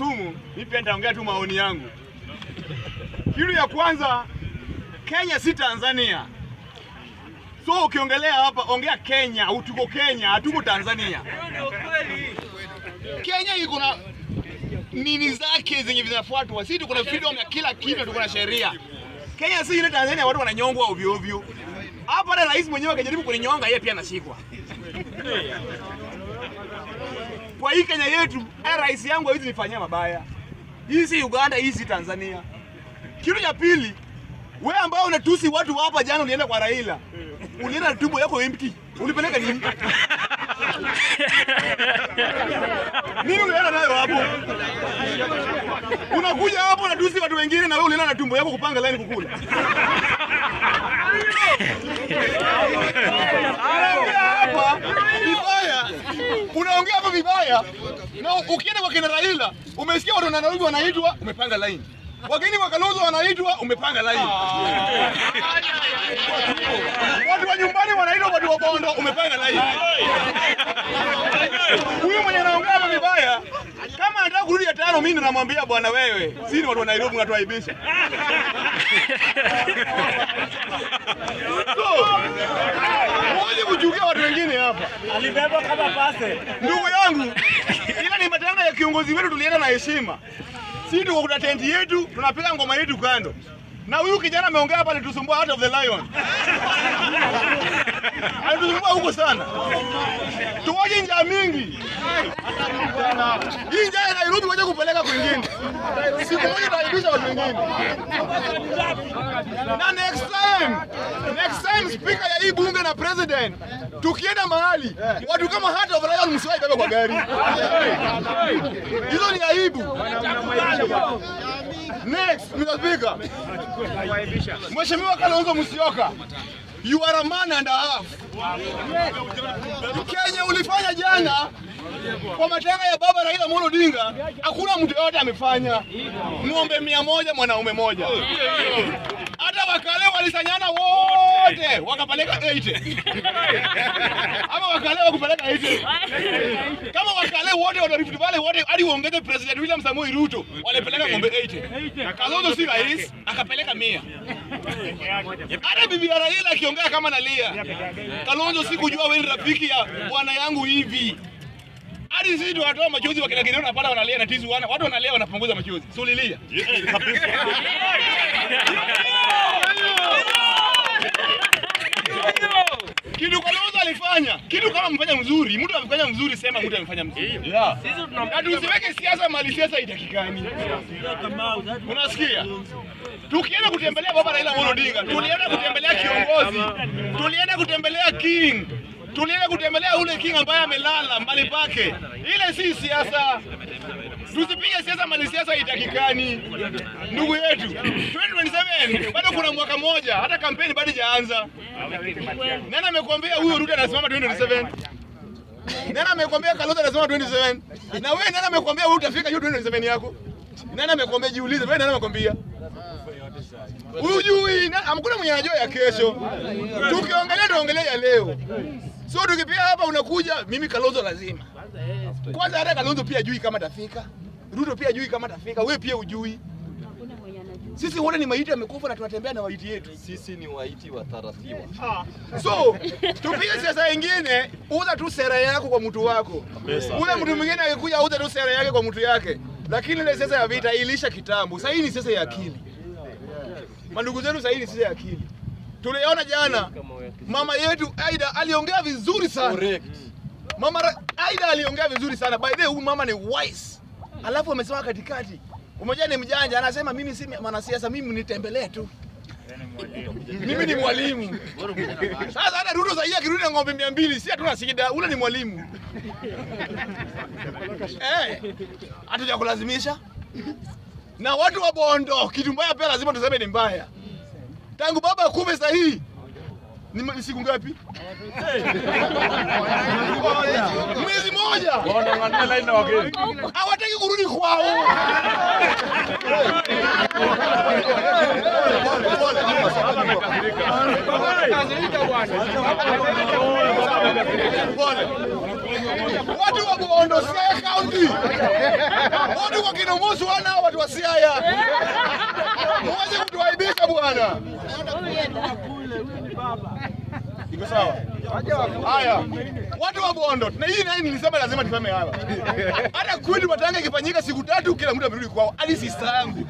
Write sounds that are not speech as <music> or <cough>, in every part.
sumu, mimi pia nitaongea tu maoni yangu. Kitu ya kwanza, Kenya si Tanzania. So ukiongelea hapa, ongea Kenya, utuko Kenya, hatuko Tanzania. Kenya iko na nini zake zenye zinafuatwa. Sisi tuko na freedom ya kila kitu, tuko na sheria. Kenya si ile Tanzania watu wananyongwa ovyo ovyo. Hapa na rais mwenyewe akijaribu kuninyonga, yeye pia anashikwa kwa hii Kenya yetu, hata eh, rais yangu hawezi nifanyia mabaya. Hii si Uganda, hii si Tanzania. Kitu cha pili, we ambao unatusi watu hapa, jana ulienda kwa Raila, ulienda tubo tumbo yako empty, ulipeleka nini? Nini unaenda nayo hapo? Unakuja hapo na dusi watu wengine na wewe unaenda na tumbo yako kupanga line kukula. Hapa vibaya. Unaongea hapo vibaya. Na ukienda kwa kina Raila, umesikia watu wananaoiwa wanaitwa umepanga line. Wageni wa Kalonzo wanaitwa umepanga line. Ah wa Bondo umepanga laini. Huyu mwenye anaongea hapa vibaya, kama anataka kurudi ya tano, mimi namwambia bwana, wewe sisi watu wa Nairobi unatuaibisha. Wali kujukia watu wengine hapa. Alibeba kama pase. Ndugu yangu, ila ni matanga ya kiongozi wetu, tulienda na heshima. Sisi tuko kuna tenti yetu, tunapiga ngoma yetu kando na huyu kijana ameongea hapa, alitusumbua out of the lion <laughs> alitusumbua huko sana, tuwaje njaa mingi hii njaa ya Nairobi, waje kupeleka kwingine, siku moja watu wengine. Na next time, next time spika ya hii bunge na president, tukienda mahali watu kama hata of lion msiwai kwa gari, hizo ni aibu. Next, Mr. Speaker. Mheshimiwa Kalonzo Musyoka, you are a man and a half. Kenya ulifanya jana kwa matanga ya baba Raila Amolo Odinga, hakuna mtu yoyote amefanya. Ng'ombe mia moja mwanaume moja. Wakaenda wakale walisanyana wote wakapeleka 80 <laughs> ama wakale wakupeleka 80 <laughs> kama wakale wote wana Rift Valley wote hadi uongeze President William Samoei Ruto walipeleka ng'ombe 80 Kalonzo si rais akapeleka 100 hata bibi ya Raila akiongea kama nalia Kalonzo si kujua wewe ni rafiki ya bwana yangu hivi hadi sisi tunatoa machozi wakina Gideon wanapata wanalia na tizi wana watu wanalia wanapunguza machozi sulilia kabisa <laughs> amefanya kitu kama mfanya mzuri, mtu amefanya mzuri, sema mtu amefanya mzuri. Sisi tusiweke siasa mali, siasa itakikani. Unasikia? Tukienda kutembelea baba Raila Odinga, tulienda kutembelea kiongozi, tulienda kutembelea king tuliende kutembelea ule king ambaye amelala mbali pake. Ile si siasa, tusipige siasa mali, siasa itakikani ndugu yetu. 2027 bado kuna mwaka mmoja, hata kampeni bado haijaanza. Nani amekwambia huyo Ruto anasimama 2027? Nani amekwambia Kalonzo anasema 27? Na wewe nani amekwambia wewe utafika hiyo 27 yako? Nani amekwambia? Jiulize wewe, nani amekwambia? Ujui amkuna mwenye anajua ya kesho. Tukiongelea tunaongelea ya leo. So tukipia hapa unakuja mimi Kalonzo lazima. Kwanza hata Kalonzo pia ajui kama tafika. Ruto pia ajui kama tafika. Wewe pia ujui Sisi wote ni maiti amekufa na tunatembea na waiti yetu. Sisi ni waiti wa taratibu. Ah. So tupige siasa nyingine, uza tu sera yako kwa mtu wako. Ule mtu mwingine akikuja, uza tu sera yake kwa mtu yake. Lakini ile siasa ya vita ilisha kitambo. Sasa hii ni siasa ya akili. Mandugu zetu sasa hivi sisi akili tuliona jana, mama yetu Aida aliongea vizuri sana Correct. Mama Aida aliongea vizuri sana by the way, huyu mama ni wise, alafu amesema katikati, umoja ni mjanja, anasema mimi si mwanasiasa, mimi nitembelee tu mimi ni mwalimu. Sasa hata Ruto sasa akirudi na ng'ombe 200, si hatuna shida, ule ni mwalimu <laughs> eh, hatujakulazimisha na watu wabondo. Kitu mbaya pia lazima tuseme ni mbaya. Tangu baba kuve sahihi ni siku ngapi? Mwezi mmoja hawataki kurudi kwao. Watu wa Bondo County tuko kwa kinumusu wana watu wa Siaya, huwezi kutuaibisha bwana. Iko sawa? Haya, watu wa Bondo na hii naye nilisema lazima niseme hapa. Hata kweli matanga ikifanyika siku tatu, kila mtu amerudi kwao, hadi sister yangu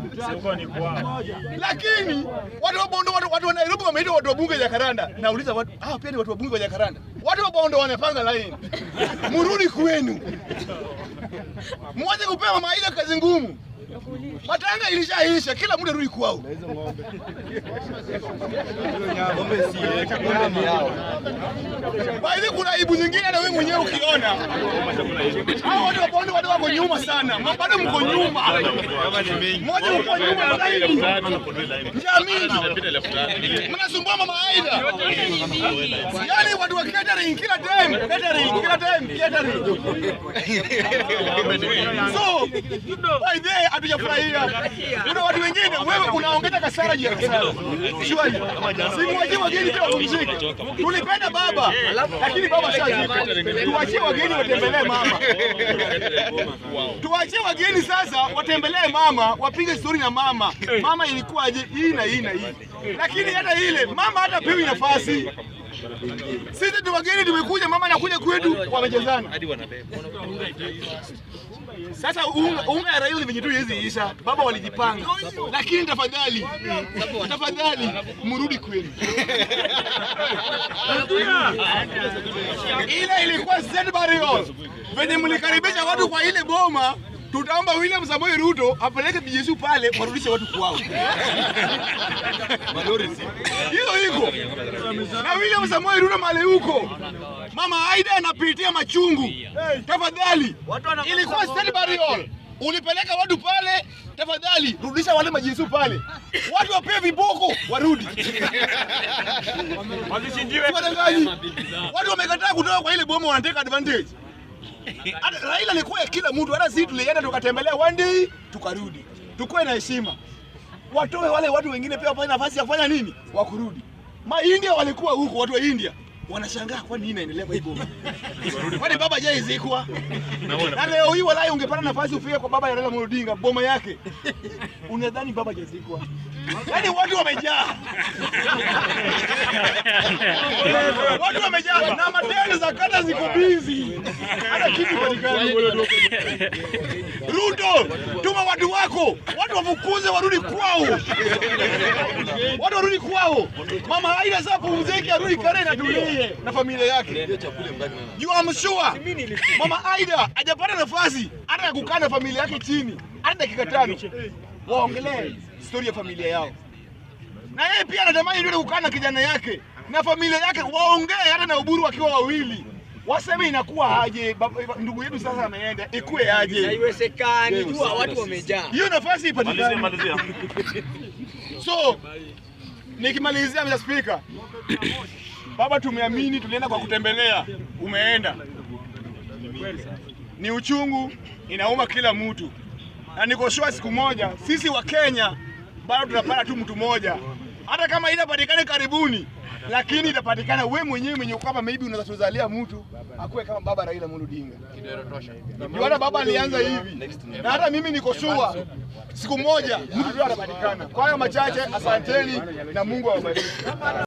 lakini watu wa Bondo, watu wa Nairobi wameita watu wa bunge ya Karanda. Nauliza watu ah, pia ni watu wa bunge ya Karanda. Watu wa Bondo wanapanga laini, murudi kwenu, mwache kupewa maisha kazi ngumu matanga ilisha ilisha, kila muda rudi kwao. Basi kuna aibu nyingine na wewe mwenyewe ukiona hao watu wapondo, watu wako nyuma sana, bado mko nyuma, mmoja uko nyuma zaidi. Jamii mnasumbua mama Aida, yani watu wa catering kila time, catering kila time, catering so by the hatujafurahia. Kuna watu wengine, wewe unaongeza kasara juu ya kasara, si muachie wageni pia wapumzike. Tulipenda baba, lakini baba shazika. Tuachie wageni watembelee mama, tuwachie wageni sasa watembelee mama, wapige stori na mama. Mama ilikuwaje hii na hii na hii, lakini hata ile mama hata piwi nafasi sisi ni wageni tumekuja, mama anakuja kwetu, wamejezana. Sasa unga ya Raila venye tu hizi isha, baba walijipanga, lakini tafadhali, tafadhali mrudi kwenu. Ile ilikuwa St. Barrio venye mlikaribisha watu kwa ile boma tutaomba William Samoei Ruto apeleke bijesu pale warudishe watu kwao. Hiyo iko na William Samoei Ruto male huko. Mama Aida anapitia machungu, tafadhali, ilikuwa state burial, ulipeleka watu pale. Tafadhali rudisha wale majesu pale, watu wapewe viboko warudi. Watu wamekataa kutoka kwa ile bomu, wanateka advantage <laughs> Raila alikuwa kila mtu, hata sisi tulienda tukatembelea one day tukarudi. Tukuwe na heshima, watoe wale watu wengine pia wapate nafasi ya kufanya nini, wakurudi. Maindia walikuwa huko, watu wa India wanashangaa kwani inaendelea kwa hivyo. <laughs> Kwani baba je izikwa? Na leo hii walai ungepata nafasi ufike kwa baba ya Raila Odinga boma yake. Unadhani baba je izikwa? Yaani watu wamejaa. <laughs> Watu wamejaa na matendo za kata ziko bizi. Hata kitu patikana. Ruto, tuma wako, watu wafukuze, warudi kwao, watu warudi kwao. Mama aida sasa pumzike, arudi Karen atulie na familia yake. You am sure Mama aida ajapata nafasi hata ya kukaa na familia yake chini hata dakika tano, waongelee historia ya familia yao, na yeye pia anatamani yule kukaa na kijana yake na familia yake, waongee hata na uburu wakiwa wawili waseme inakuwa aje? Ndugu yetu sasa ameenda, ikuwe aje? Haiwezekani, jua watu wamejaa, hiyo nafasi ipatikane. So nikimalizia, Mr. Speaker, baba, tumeamini tulienda kwa kutembelea, umeenda. Ni uchungu, inauma kila mtu, na nikoshua siku moja, sisi wa Kenya bado tunapata tu mtu mmoja hata kama inapatikana karibuni, lakini itapatikana. Wewe mwenyewe mwenye kwamba maybe unaweza mtu akuwe kama baba Raila Amolo Odinga, kidogo baba alianza hivi, na hata mimi niko sure siku moja mtu atapatikana. Kwa hayo machache, asanteni na Mungu awabariki.